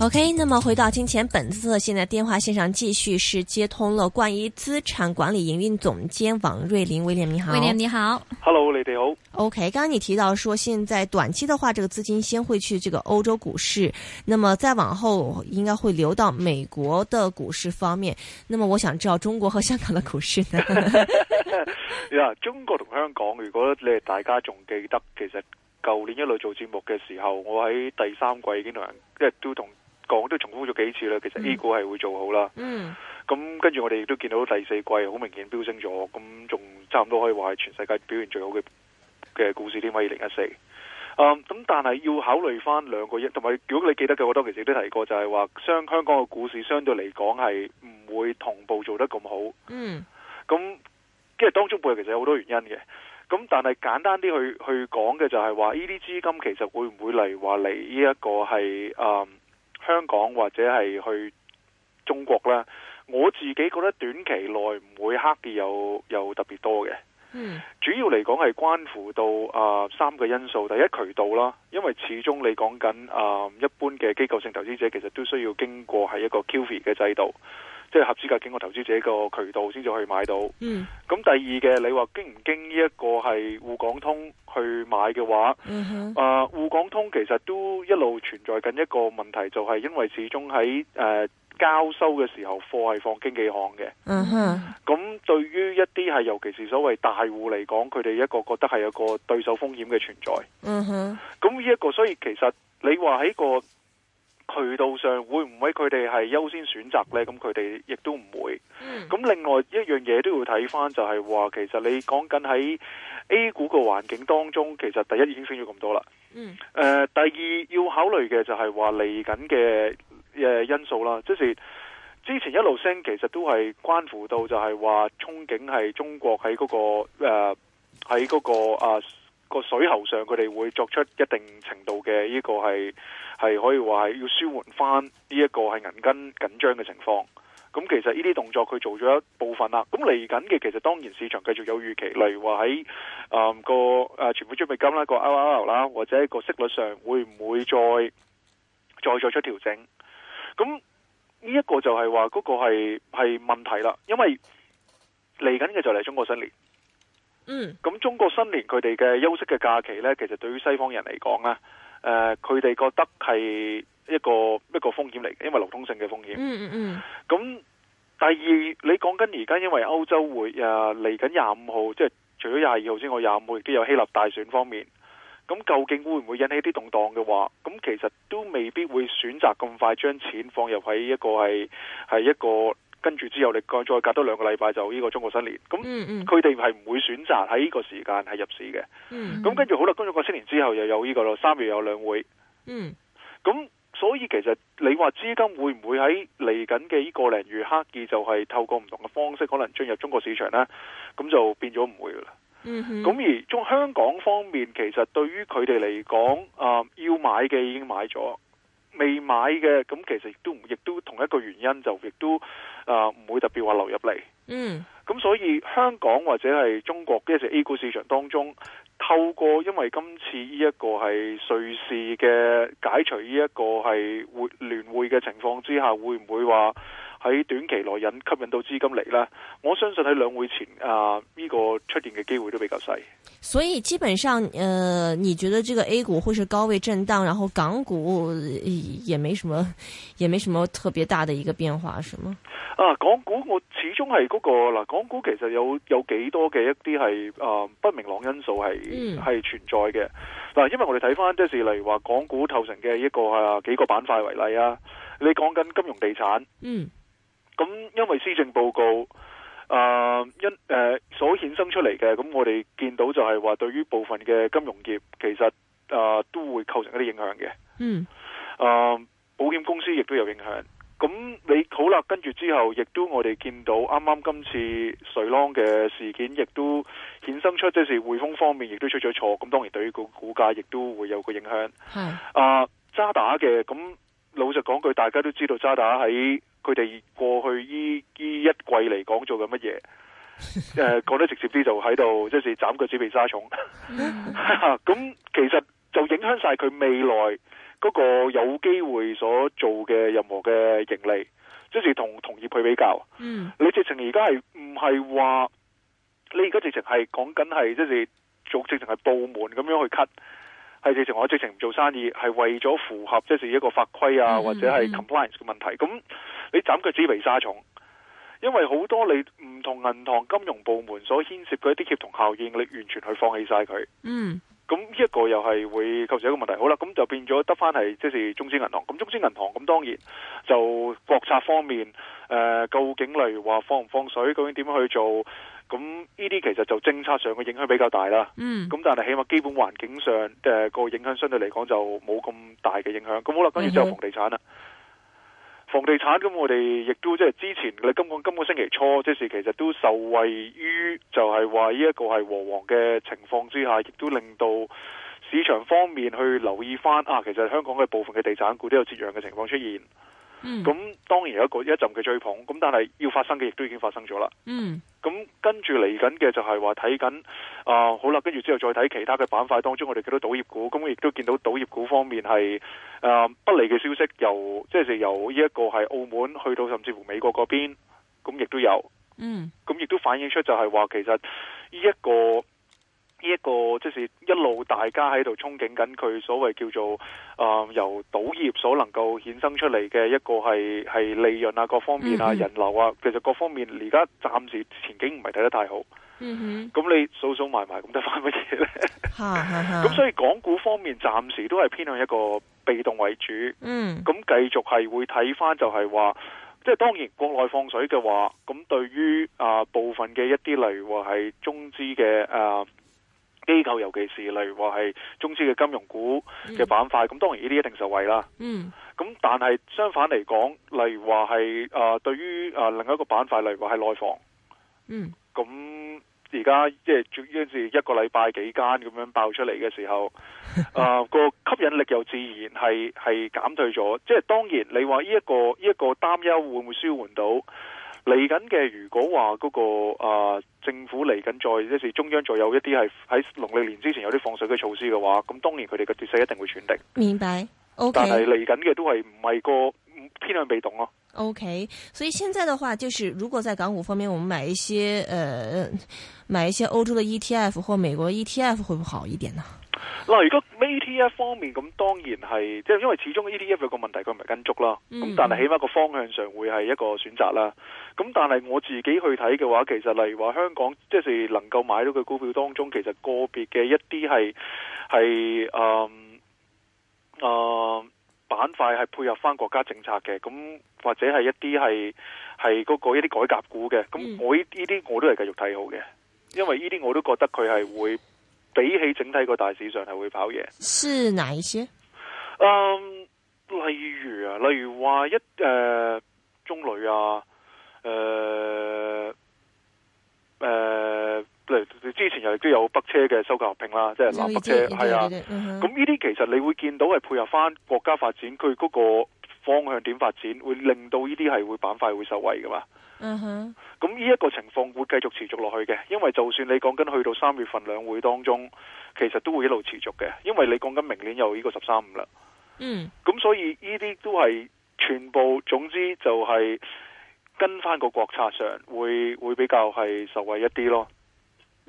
OK，那麼回到金錢本色，現在電話線上繼續是接通了關於資產管理營運總監王瑞麟，威廉你好，威廉你好，Hello，你哋好。OK，剛剛你提到說現在短期的話，這個資金先會去這個歐洲股市，那麼再往後應該會流到美國的股市方面。那麼我想知道中國和香港的股市呢？ yeah, 中國同香港，如果你大家仲記得，其實舊年一路做節目嘅時候，我喺第三季已經同人即係都同。講都重複咗幾次啦，其實 A 股係會做好啦。嗯，咁跟住我哋亦都見到第四季好明顯飆升咗，咁仲差唔多可以話係全世界表現最好嘅嘅股市點解二零一四。咁、嗯、但係要考慮翻兩個一，同埋如果你記得嘅，我當時亦都提過就，就係話相香港嘅股市相對嚟講係唔會同步做得咁好。嗯，咁跟住當中背其實有好多原因嘅，咁但係簡單啲去去講嘅就係話呢啲資金其實會唔會嚟話嚟呢一個係誒？嗯香港或者係去中國啦，我自己覺得短期內唔會黑嘅有有特別多嘅、嗯，主要嚟講係關乎到啊、呃、三個因素，第一渠道啦，因為始終你講緊啊一般嘅機構性投資者其實都需要經過係一個 QFI 嘅制度。即係合資格境外投資者個渠道先至可以買到。嗯，咁第二嘅你話經唔經呢一個係滬港通去買嘅話，嗯哼，啊滬港通其實都一路存在緊一個問題，就係因為始終喺誒交收嘅時候，貨係放經紀行嘅。嗯哼，咁對於一啲係尤其是所謂大戶嚟講，佢哋一個覺得係有個對手風險嘅存在。嗯哼，咁呢一個所以其實你話喺個渠道上會唔會佢哋係優先選擇咧？咁佢哋亦都唔會。咁、嗯、另外一樣嘢都要睇翻，就係話其實你講緊喺 A 股個環境當中，其實第一已經升咗咁多啦。嗯。誒、呃，第二要考慮嘅就係話嚟緊嘅誒因素啦，即、就是之前一路升，其實都係關乎到就係話憧憬係中國喺嗰、嗰個誒喺嗰個啊。呃個水喉上，佢哋會作出一定程度嘅呢個係係可以話係要舒緩翻呢一個係銀根緊張嘅情況。咁其實呢啲動作佢做咗一部分啦。咁嚟緊嘅其實當然市場繼續有預期，例如話喺啊個啊存款準備金啦、個 r r l 啦，或者個息率上會唔會再再作出調整？咁呢一個就係話嗰個係係問題啦，因為嚟緊嘅就嚟中國新年。嗯，咁中國新年佢哋嘅休息嘅假期呢，其實對於西方人嚟講呢，誒、呃，佢哋覺得係一個一個風險嚟，因為流通性嘅風險。嗯嗯嗯。咁第二，你講緊而家因為歐洲會啊嚟緊廿五號，即係除咗廿二號之外，廿五號亦都有希臘大選方面，咁究竟會唔會引起啲動蕩嘅話，咁其實都未必會選擇咁快將錢放入喺一個係係一個。跟住之後，你再隔多兩個禮拜就呢個中國新年。咁佢哋係唔會選擇喺呢個時間係入市嘅。咁、嗯、跟住好啦，跟住過新年之後又有呢個咯，三月有兩會。咁、嗯、所以其實你話資金會唔會喺嚟緊嘅呢個零月黑期，記就係透過唔同嘅方式可能進入中國市場呢？咁就變咗唔會噶啦。咁、嗯、而中香港方面，其實對於佢哋嚟講，啊、呃、要買嘅已經買咗，未買嘅咁其實亦都唔，亦都同一個原因就亦都。啊、呃，唔會特別話流入嚟。嗯，咁所以香港或者係中國，即係 A 股市場當中，透過因為今次呢一個係瑞士嘅解除呢一個係會聯會嘅情況之下，會唔會話，喺短期內引吸引到資金嚟啦，我相信喺兩會前啊，呢、這個出現嘅機會都比較細。所以基本上，誒、呃，你覺得這個 A 股會是高位震蕩，然後港股也沒什麼，也沒什麼特別大的一個變化，是嗎？啊，港股我始終係嗰、那個嗱，港股其實有有幾多嘅一啲係誒不明朗因素係係、嗯、存在嘅嗱、啊，因為我哋睇翻即係例如話港股構成嘅一個啊幾個板塊為例啊，你講緊金融地產，嗯。咁因為施政報告啊、呃，因誒、呃、所衍生出嚟嘅，咁我哋見到就係話，對於部分嘅金融業，其實啊、呃、都會構成一啲影響嘅。嗯，啊、呃、保險公司亦都有影響。咁你好啦，跟住之後，亦都我哋見到啱啱今次瑞郎嘅事件，亦都衍生出即是匯豐方面亦都出咗錯。咁當然對於個股價亦都會有個影響。啊渣、呃、打嘅咁。嗯老實講句，大家都知道渣打喺佢哋過去呢呢一,一季嚟講做緊乜嘢？誒、 呃，講得直接啲就喺度，即、係斬腳趾避沙蟲。咁 其實就影響晒佢未來嗰個有機會所做嘅任何嘅盈利。即、係同同業去比較。嗯， 你直情而家係唔係話？你而家直情係講緊係，即、係做直情係部門咁樣去 cut。係直情我直情唔做生意，係為咗符合即係一個法規啊，或者係 compliance 嘅問題。咁你斬腳趾為沙蟲，因為好多你唔同銀行金融部門所牽涉嘅一啲協同效應，你完全去放棄晒佢。嗯，咁呢一個又係會構成一個問題。好啦，咁就變咗得翻係即係中資銀行。咁中資銀行咁當然就國策方面，誒、呃、究竟例如話放唔放水，究竟點樣去做？咁呢啲其實就政策上嘅影響比較大啦。咁、嗯、但係起碼基本環境上，誒個影響相對嚟講就冇咁大嘅影響。咁好啦，跟住就後房地產啦、嗯，房地產，咁我哋亦都即係之前你今個今個星期初，即係其實都受惠於就係話呢一個係和黃嘅情況之下，亦都令到市場方面去留意返啊。其實香港嘅部分嘅地產股都有折讓嘅情況出現。嗯，咁當然有一個一陣嘅追捧，咁但係要發生嘅亦都已經發生咗啦。嗯，咁跟住嚟緊嘅就係話睇緊啊，好啦，跟住之後再睇其他嘅板塊當中，我哋見到賭業股，咁亦都見到賭業股方面係誒、呃、不利嘅消息由，就是、由即係由呢一個係澳門去到甚至乎美國嗰邊，咁亦都有。嗯，咁亦都反映出就係話其實呢一個。呢一個即、就是一路大家喺度憧憬緊佢所謂叫做啊、呃、由賭業所能夠衍生出嚟嘅一個係係利潤啊各方面啊、嗯、人流啊其實各方面而家暫時前景唔係睇得太好，咁、嗯、你數數埋埋咁得翻乜嘢呢？咁 所以港股方面暫時都係偏向一個被動為主，咁、嗯、繼續係會睇翻就係話，即、就、係、是、當然國內放水嘅話，咁對於啊、呃、部分嘅一啲例如話係中資嘅啊。呃機構尤其是，例如話係中資嘅金融股嘅板塊，咁、嗯、當然呢啲一定受惠啦。嗯，咁但係相反嚟講，例如話係誒對於誒、呃、另一個板塊，例如話係內房，嗯，咁而家即係最一陣時一個禮拜幾間咁樣爆出嚟嘅時候，誒 個、呃、吸引力又自然係係減退咗。即係當然你話呢一個呢一、呢個擔憂會唔會舒緩到？嚟緊嘅，如果話嗰、那個啊、呃、政府嚟緊再，即是中央再有一啲係喺農曆年之前有啲放水嘅措施嘅話，咁當然佢哋嘅跌勢一定會傳遞。明白，OK 但是是。但係嚟緊嘅都係唔係個偏向被動咯、啊。OK，所以現在的話，就是如果在港股方面，我們買一些，呃，買一些歐洲的 ETF 或美國嘅 ETF，會唔會好一點呢？嗱，如果 ETF 方面咁，當然係即係，因為始終 ETF 有一個問題，佢唔係跟足啦。咁但係起碼個方向上會係一個選擇啦。咁但係我自己去睇嘅話，其實例如話香港，即係能夠買到嘅股票當中，其實個別嘅一啲係係誒誒板塊係配合翻國家政策嘅，咁或者係一啲係係嗰個一啲改革股嘅。咁、嗯、我呢啲我都係繼續睇好嘅，因為呢啲我都覺得佢係會。比起整體個大市場係會跑嘢，是哪一些？嗯、um,，例如、呃、啊、呃呃，例如話一誒中旅啊，誒誒，之前又亦都有北車嘅收購合併啦，即係南北車係、so、啊，咁呢啲其實你會見到係配合翻國家發展佢嗰、那個，方向點發展，會令到呢啲係會板塊會受惠噶嘛？嗯哼，咁呢一個情況會繼續持續落去嘅，因為就算你講緊去到三月份兩會當中，其實都會一路持續嘅，因為你講緊明年又呢個十三五啦。嗯，咁所以呢啲都係全部，總之就係跟翻個國策上會會比較係受惠一啲咯。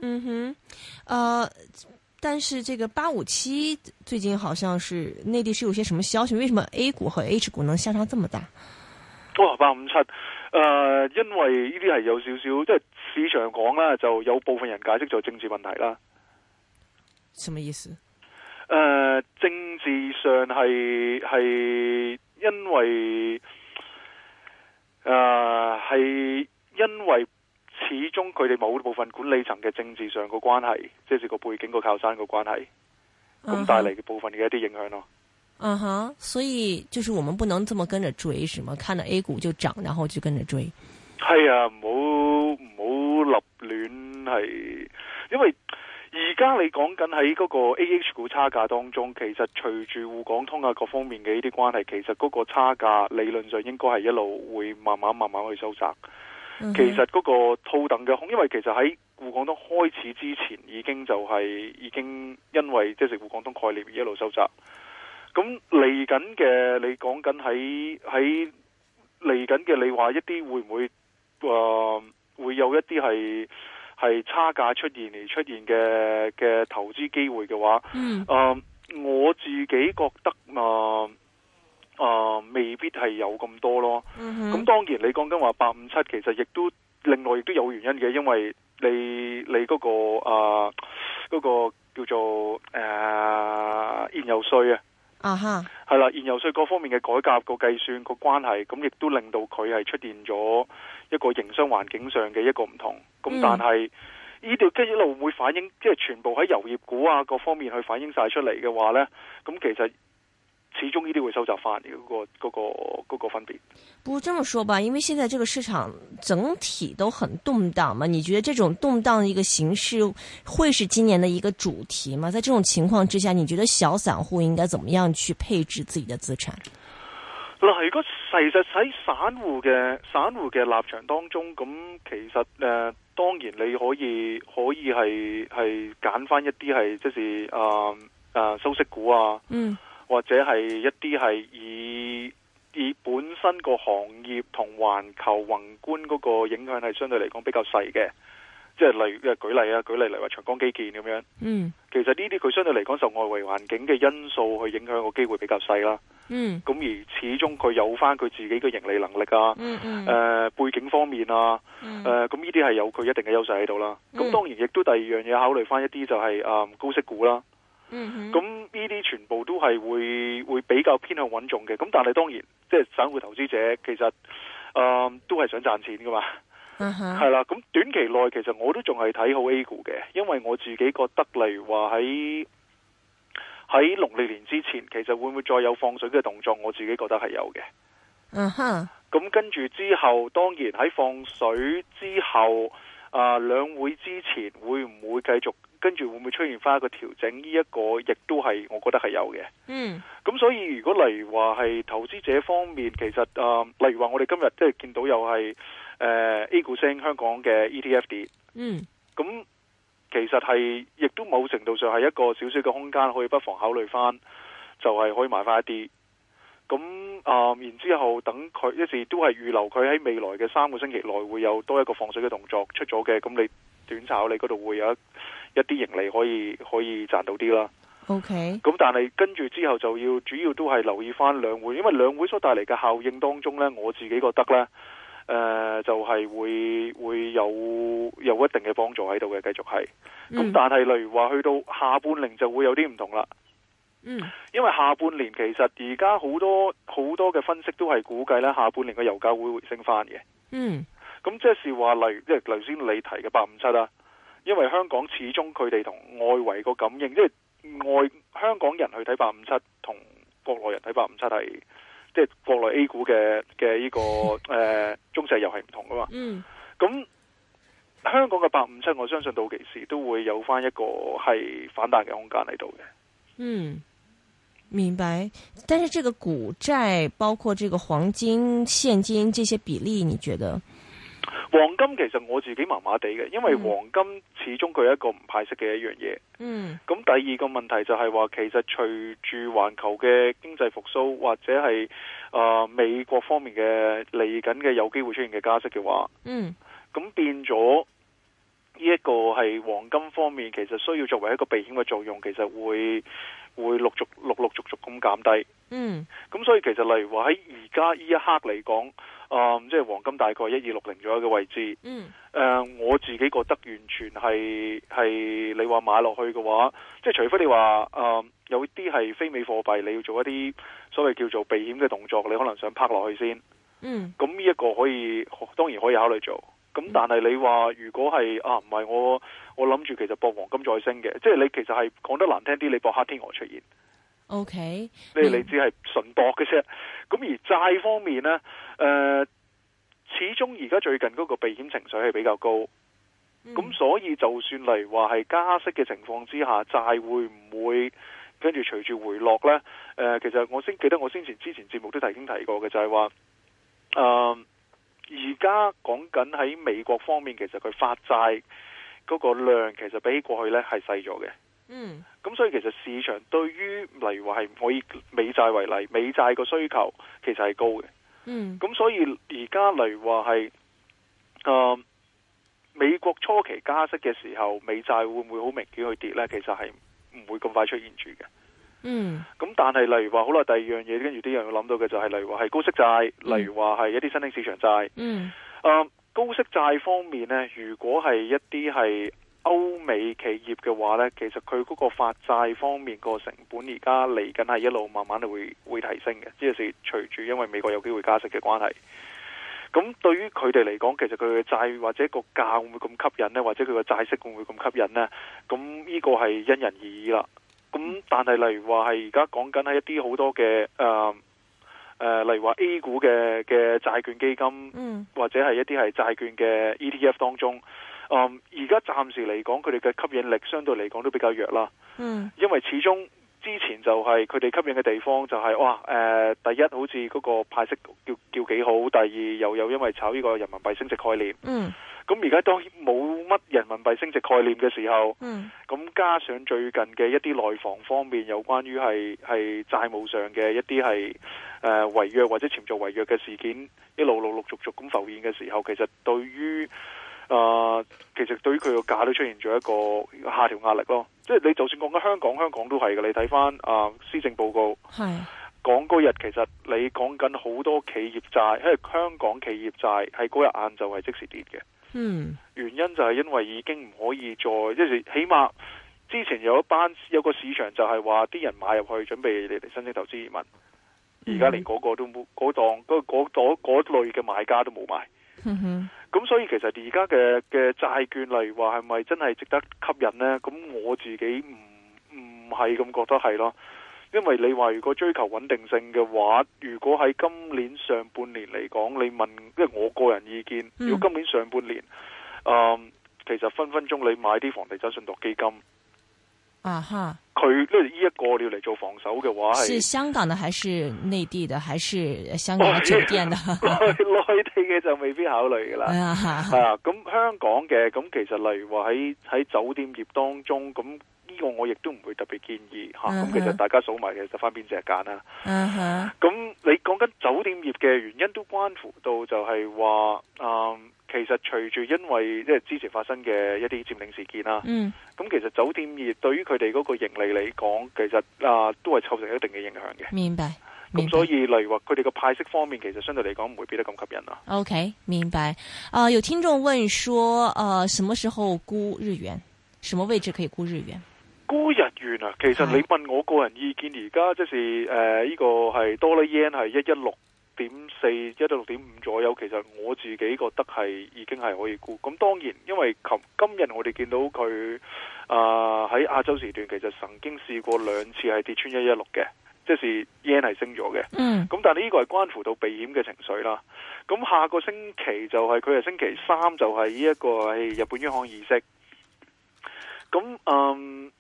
嗯哼，誒。但是這個八五七最近好像是內地是有些什麼消息？為什麼 A 股和 H 股能相差這麼大？哦、八五七，誒、呃，因為呢啲係有少少，即係市場講啦，就有部分人解釋就政治問題啦。什麼意思？誒、呃，政治上係係因為誒係因為。呃始終佢哋某部分管理層嘅政治上嘅關係，即係個背景、個靠山、個關係，咁、uh -huh. 帶嚟嘅部分嘅一啲影響咯。嗯哼，所以就是我們不能這麼跟着追，是嗎？看到 A 股就漲，然後就跟着追。係啊，唔好唔好立亂係，因為而家你講緊喺嗰個 AH 股差價當中，其實隨住滬港通啊各方面嘅一啲關係，其實嗰個差價理論上應該係一路會慢慢慢慢去收窄。Mm -hmm. 其實嗰個套戥嘅空，因為其實喺滬港通開始之前，已經就係、是、已經因為即係食滬港通概念而一路收集。咁嚟緊嘅，你講緊喺喺嚟緊嘅，你話一啲會唔會誒、呃，會有一啲係係差價出現而出現嘅嘅投資機會嘅話，嗯，誒，我自己覺得啊。呃啊、呃，未必係有咁多咯。咁、嗯、當然，你講緊話八五七，其實亦都另外亦都有原因嘅，因為你你嗰、那個啊、呃那個叫做誒、呃、燃油稅啊，係啦，燃油稅各方面嘅改革個計算個關係，咁亦都令到佢係出現咗一個營商環境上嘅一個唔同。咁、嗯、但係呢條即一路會反映，即係全部喺油業股啊各方面去反映晒出嚟嘅話呢，咁其實。始終呢啲會收集翻嗰、嗰個、嗰個、嗰個分別。不過這麼說吧，因為現在這個市場整體都很動蕩嘛。你覺得這種動蕩的一個形式會是今年的一個主題嗎？在這種情況之下，你覺得小散戶應該怎麼樣去配置自己的資產？嗱，如果其實喺散戶嘅散戶嘅立場當中，咁其實誒、呃，當然你可以可以係係揀翻一啲係，即是誒誒、呃呃，收息股啊，嗯。或者係一啲係以以本身個行業同環球宏觀嗰個影響係相對嚟講比較細嘅，即係例如舉例啊，舉例嚟話長江基建咁樣。嗯，其實呢啲佢相對嚟講受外圍環境嘅因素去影響個機會比較細啦。嗯，咁而始終佢有翻佢自己嘅盈利能力啊。嗯嗯。呃，背景方面啊。咁呢啲係有佢一定嘅優勢喺度啦。咁、嗯、當然亦都第二樣嘢考慮翻一啲就係、是嗯、高息股啦。嗯哼，咁呢啲全部都係會會比較偏向穩重嘅，咁但係當然，即係散戶投資者其實誒、呃、都係想賺錢噶嘛，係、嗯、啦，咁短期內其實我都仲係睇好 A 股嘅，因為我自己覺得例如話喺喺農曆年之前，其實會唔會再有放水嘅動作，我自己覺得係有嘅。嗯哼，咁跟住之後，當然喺放水之後，啊、呃、兩會之前會唔會繼續？跟住會唔會出現翻一個調整？呢一個亦都係我覺得係有嘅。嗯，咁所以如果例如話係投資者方面，其實、呃、例如話我哋今日即係見到又係、呃、A 股升，香港嘅 ETF 跌。嗯，咁其實係亦都某程度上係一個少少嘅空間，可以不妨考慮翻，就係、是、可以買翻一啲。咁、呃、然之後等佢，一時都係預留佢喺未來嘅三個星期內會有多一個放水嘅動作出咗嘅，咁你短炒你嗰度會有一，一啲盈利可以可以賺到啲啦。OK，咁、嗯、但係跟住之後就要主要都係留意翻兩會，因為兩會所帶嚟嘅效應當中咧，我自己覺得咧，誒、呃、就係、是、會會有有一定嘅幫助喺度嘅，繼續係。咁、嗯、但係例如話去到下半年就會有啲唔同啦。嗯，因為下半年其實而家好多好多嘅分析都係估計咧，下半年嘅油價會，會升回升翻嘅。嗯，咁、嗯嗯、即係話例，例如即係頭先你提嘅八五七啦。因為香港始終佢哋同外圍個感應，即係外香港人去睇八五七，同國內人睇八五七係，即係國內 A 股嘅嘅呢個誒、呃，中石油係唔同噶嘛？嗯，咁香港嘅八五七，我相信到幾時都會有返一個係反彈嘅空間喺度嘅。嗯，明白。但是這個股債包括這個黃金、現金這些比例，你覺得？黃金其實我自己麻麻地嘅，因為黃金始終佢係一個唔派息嘅一樣嘢。嗯。咁第二個問題就係話，其實隨住環球嘅經濟復甦，或者係啊、呃、美國方面嘅嚟緊嘅有機會出現嘅加息嘅話，嗯。咁變咗呢一個係黃金方面，其實需要作為一個避險嘅作用，其實會會陸續陸陸續續咁減低。嗯。咁所以其實例如話喺而家呢一刻嚟講。啊、嗯，即係黃金大概一二六零左右嘅位置。嗯，誒，我自己覺得完全係，係你話買落去嘅話，即係除非你話誒有啲係非美貨幣，你要做一啲所謂叫做避險嘅動作，你可能想拍落去先。嗯，咁呢一個可以當然可以考慮做。咁但係你話如果係啊唔係我我諗住其實博黃金再升嘅，即係你其實係講得難聽啲，你博黑天鵝出現。O、okay, K，你你只係純博嘅啫。咁而債方面呢，誒、呃，始終而家最近嗰個避險情緒係比較高，咁、嗯、所以就算嚟話係加息嘅情況之下，債會唔會跟住隨住回落呢？誒、呃，其實我先記得我先前之前節目都曾經提過嘅，就係話，誒，而家講緊喺美國方面，其實佢發債嗰個量，其實比起過去呢係細咗嘅。嗯，咁所以其實市場對於例如話係可以美債為例，美債個需求其實係高嘅。嗯，咁所以而家例如話係，誒、呃，美國初期加息嘅時候，美債會唔會好明顯去跌咧？其實係唔會咁快出現住嘅。嗯，咁但係例如話好耐第二樣嘢，跟住啲人諗到嘅就係例如話係高息債、嗯，例如話係一啲新興市場債。嗯，誒、呃，高息債方面咧，如果係一啲係。歐美企業嘅話呢，其實佢嗰個發債方面個成本而家嚟緊係一路慢慢都會會提升嘅，即係隨住因為美國有機會加息嘅關係。咁對於佢哋嚟講，其實佢嘅債或者個價會唔會咁吸引呢？或者佢個債息會唔會咁吸引呢？咁呢個係因人而異啦。咁但係例如話係而家講緊係一啲好多嘅誒誒，例如話 A 股嘅嘅債券基金，嗯、或者係一啲係債券嘅 ETF 當中。嗯，而家暫時嚟講，佢哋嘅吸引力相對嚟講都比較弱啦。嗯，因為始終之前就係佢哋吸引嘅地方就係、是、哇，誒、呃，第一好似嗰個派息叫叫幾好，第二又有因為炒呢個人民幣升值概念。嗯，咁而家當冇乜人民幣升值概念嘅時候。嗯，咁加上最近嘅一啲內房方面有關於係係債務上嘅一啲係誒違約或者潛在違約嘅事件一路陸陸續續咁浮現嘅時候，其實對於啊、呃，其實對於佢個價都出現咗一個下調壓力咯。即係你就算講緊香港，香港都係嘅。你睇翻啊，施政報告，係講嗰日其實你講緊好多企業債，因為香港企業債喺嗰日晏晝係即時跌嘅，嗯。原因就係因為已經唔可以再，即係起碼之前有一班有個市場就係話啲人買入去準備嚟申請投資移民，而家連嗰個都冇，嗰檔嗰嗰嗰嗰類嘅買家都冇買。嗯哼咁所以其實而家嘅嘅債券嚟話係咪真係值得吸引呢？咁我自己唔唔係咁覺得係咯，因為你話如果追求穩定性嘅話，如果喺今年上半年嚟講，你問即係我個人意見、嗯，如果今年上半年，嗯，其實分分鐘你買啲房地產信託基金。啊哈。佢呢依一個要嚟做防守嘅話，係。香港嘅，還是內地嘅，還是香港酒店的？內 地嘅就未必考慮噶啦。係、uh -huh. 啊，咁香港嘅，咁其實例如話喺喺酒店業當中，咁呢個我亦都唔會特別建議吓。咁、啊、其實大家數埋其實翻邊隻揀啦。咁、uh -huh. 你講緊酒店業嘅原因都關乎到就係話，嗯其實隨住因為即係之前發生嘅一啲佔領事件啦，咁、嗯、其實酒店業對於佢哋嗰個盈利嚟講，其實啊、呃、都係造成一定嘅影響嘅。明白，咁所以例如話佢哋嘅派息方面，其實相對嚟講唔會變得咁吸引啊。OK，明白。啊、呃，有聽眾問說，啊、呃，什麼時候沽日元？什麼位置可以沽日元？沽日元啊，其實你問我個人意見，而家即係誒，呢、呃這個係多啦煙係一一六。點四一到六點五左右，其實我自己覺得係已經係可以估。咁當然，因為琴今日我哋見到佢啊喺亞洲時段，其實曾經試過兩次係跌穿一一六嘅，即是 yen 係升咗嘅。嗯，咁但係呢個係關乎到避險嘅情緒啦。咁下個星期就係佢係星期三，就係呢一個係日本央行議息。咁嗯，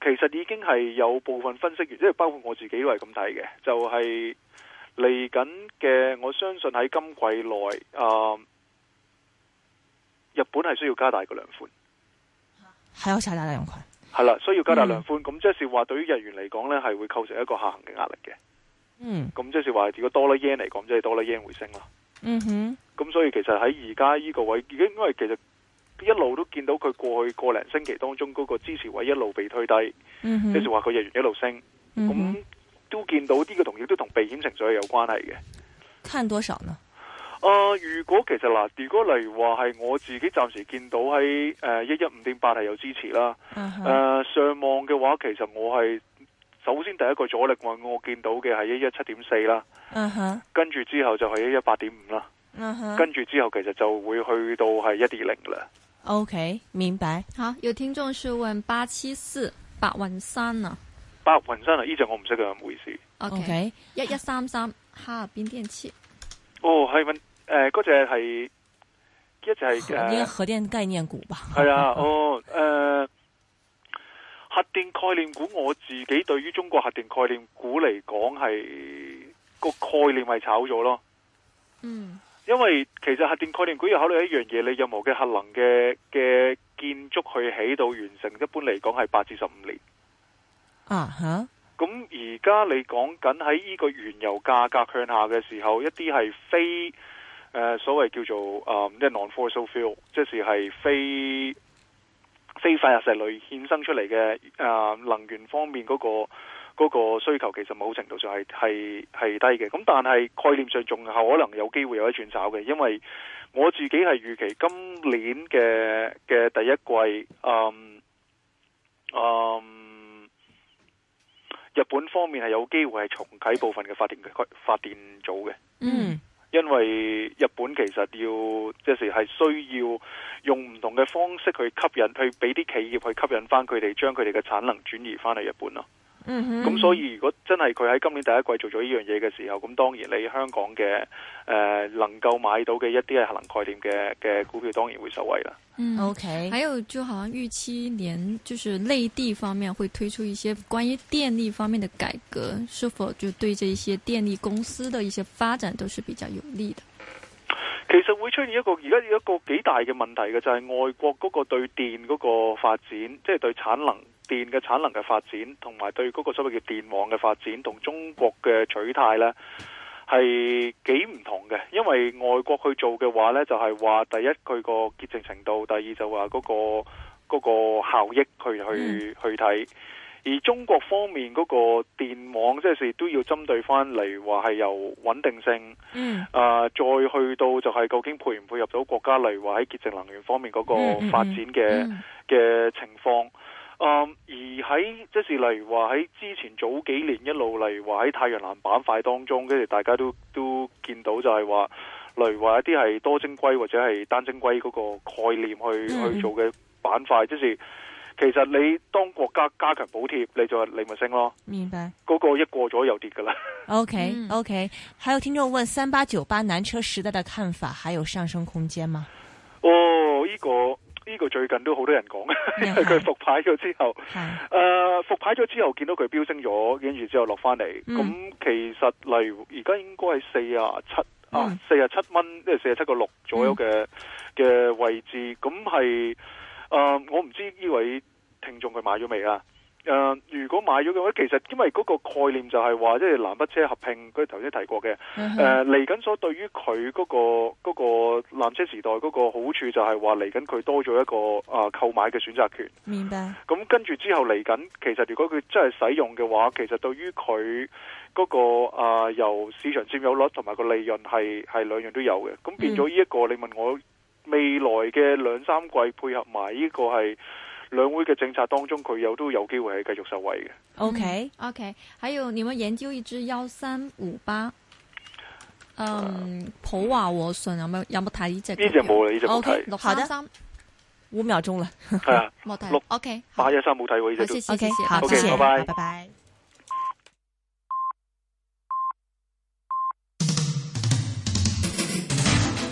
其實已經係有部分分析員，即係包括我自己都係咁睇嘅，就係、是。嚟緊嘅，我相信喺今季內，啊、呃，日本係需要加大個量寬，係好晒大量寬係啦，需要加大量寬。咁即係話，對於日元嚟講咧，係會構成一個下行嘅壓力嘅。嗯，咁即係話，如果多啦 yen 嚟講，即係多啦 yen 回升啦。嗯哼，咁所以其實喺而家呢個位，已經因為其實一路都見到佢過去個零星期當中嗰、那個支持位一路被推低。即係話佢日元一路升。嗯都見到呢個同樣都同避險情緒有關係嘅。看多少呢？誒、呃，如果其實嗱、呃，如果例如話係我自己暫時見到喺誒一一五點八係有支持啦。誒、uh -huh. 呃，上望嘅話，其實我係首先第一個阻力位我見到嘅係一一七點四啦。嗯、uh -huh. 跟住之後就係一一八點五啦。嗯、uh -huh. 跟住之後其實就會去到係一二零啦。OK，明白。好，有聽眾是問八七四白雲山呢。白雲山啊，呢隻我唔識佢係乜回事 O K，一一三三下邊啲人切？Okay, 哦，係問誒，嗰隻係一隻係誒。應、呃、該核電概念股吧？係啊，哦誒、呃，核電概念股我自己對於中國核電概念股嚟講係個概念，咪炒咗咯。嗯。因為其實核電概念股要考慮一樣嘢，你任何嘅核能嘅嘅建築去起到完成，一般嚟講係八至十五年。啊、uh、吓 -huh. 嗯！咁而家你講緊喺呢個原油價格向下嘅時候，一啲係非誒、呃、所謂叫做誒即係 non fossil fuel，即是係非非化石類衍生出嚟嘅誒能源方面嗰、那個嗰、那個需求，其實某程度上係係係低嘅。咁、嗯、但係概念上仲係可能有機會有一轉炒嘅，因為我自己係預期今年嘅嘅第一季，嗯嗯。日本方面係有機會係重啟部分嘅發電發電組嘅，嗯，因為日本其實要即係係需要用唔同嘅方式去吸引，去俾啲企業去吸引翻佢哋，將佢哋嘅產能轉移翻去日本咯。嗯哼，咁所以如果真係佢喺今年第一季做咗呢樣嘢嘅時候，咁當然你香港嘅誒、呃、能夠買到嘅一啲係核能概念嘅嘅股票，當然會受惠啦。嗯，OK。還有就好像預期年，就是內地方面會推出一些關於電力方面的改革，是否就對這些電力公司的一些發展都是比較有利的？其實會出現一個而家有一個幾大嘅問題嘅，就係、是、外國嗰個對電嗰個發展，即、就、係、是、對產能電嘅產能嘅發展，同埋對嗰個所謂嘅電網嘅發展，同中國嘅取態呢係幾唔同嘅。因為外國去做嘅話呢就係、是、話第一佢個潔淨程度，第二就話嗰、那個嗰、那個效益去去去睇。而中國方面嗰個電網，即、就、係、是、都要針對翻嚟話係由穩定性，嗯，呃、再去到就係究竟配唔配合到國家，例如話喺潔淨能源方面嗰個發展嘅嘅、嗯嗯、情況。呃、而喺即、就是例如話喺之前早幾年一路，例如話喺太陽能板塊當中，跟住大家都都見到就係話，例如話一啲係多晶硅或者係單晶硅嗰個概念去、嗯、去做嘅板塊，即、就是。其實你當國家加強補貼，你就係你咪升咯。明白。嗰、那個一過咗又跌噶啦，okay, 嗯。OK OK。還有聽眾問：三八九八南車時代的看法，還有上升空間嗎？哦，呢、這個呢、這個最近都好多人講，因為佢復牌咗之後，誒復、呃、復牌咗之後見到佢飆升咗，跟住之後落翻嚟。咁、嗯、其實例如而家應該係四啊七啊四啊七蚊，即係四十七個六左右嘅嘅、嗯、位置，咁係。誒、呃，我唔知呢位聽眾佢買咗未啊？誒、呃，如果買咗嘅話，其實因為嗰個概念就係話，即係南北車合併，佢頭先提過嘅。誒、mm -hmm. 呃，嚟緊所對於佢嗰個嗰、那個纜車時代嗰個好處就係話嚟緊佢多咗一個啊購、呃、買嘅選擇權。明、mm、白 -hmm. 嗯。咁跟住之後嚟緊，其實如果佢真係使用嘅話，其實對於佢嗰個啊、呃、由市場占有率同埋個利潤係係兩樣都有嘅。咁變咗呢一個，你問我。Mm -hmm. 未來嘅兩三季配合埋呢個係兩會嘅政策當中，佢有都有機會係繼續受惠嘅。OK OK，還有你們研究一支幺三五八。嗯，uh, 普華和順有冇有冇睇呢隻？呢隻冇啦，呢隻冇睇。六三三五秒鐘啦。係 啊，冇睇。6, OK，好。八一三冇睇喎，呢隻。好，謝、這、謝、個 okay, okay, okay, okay, okay,，好，謝拜拜拜拜。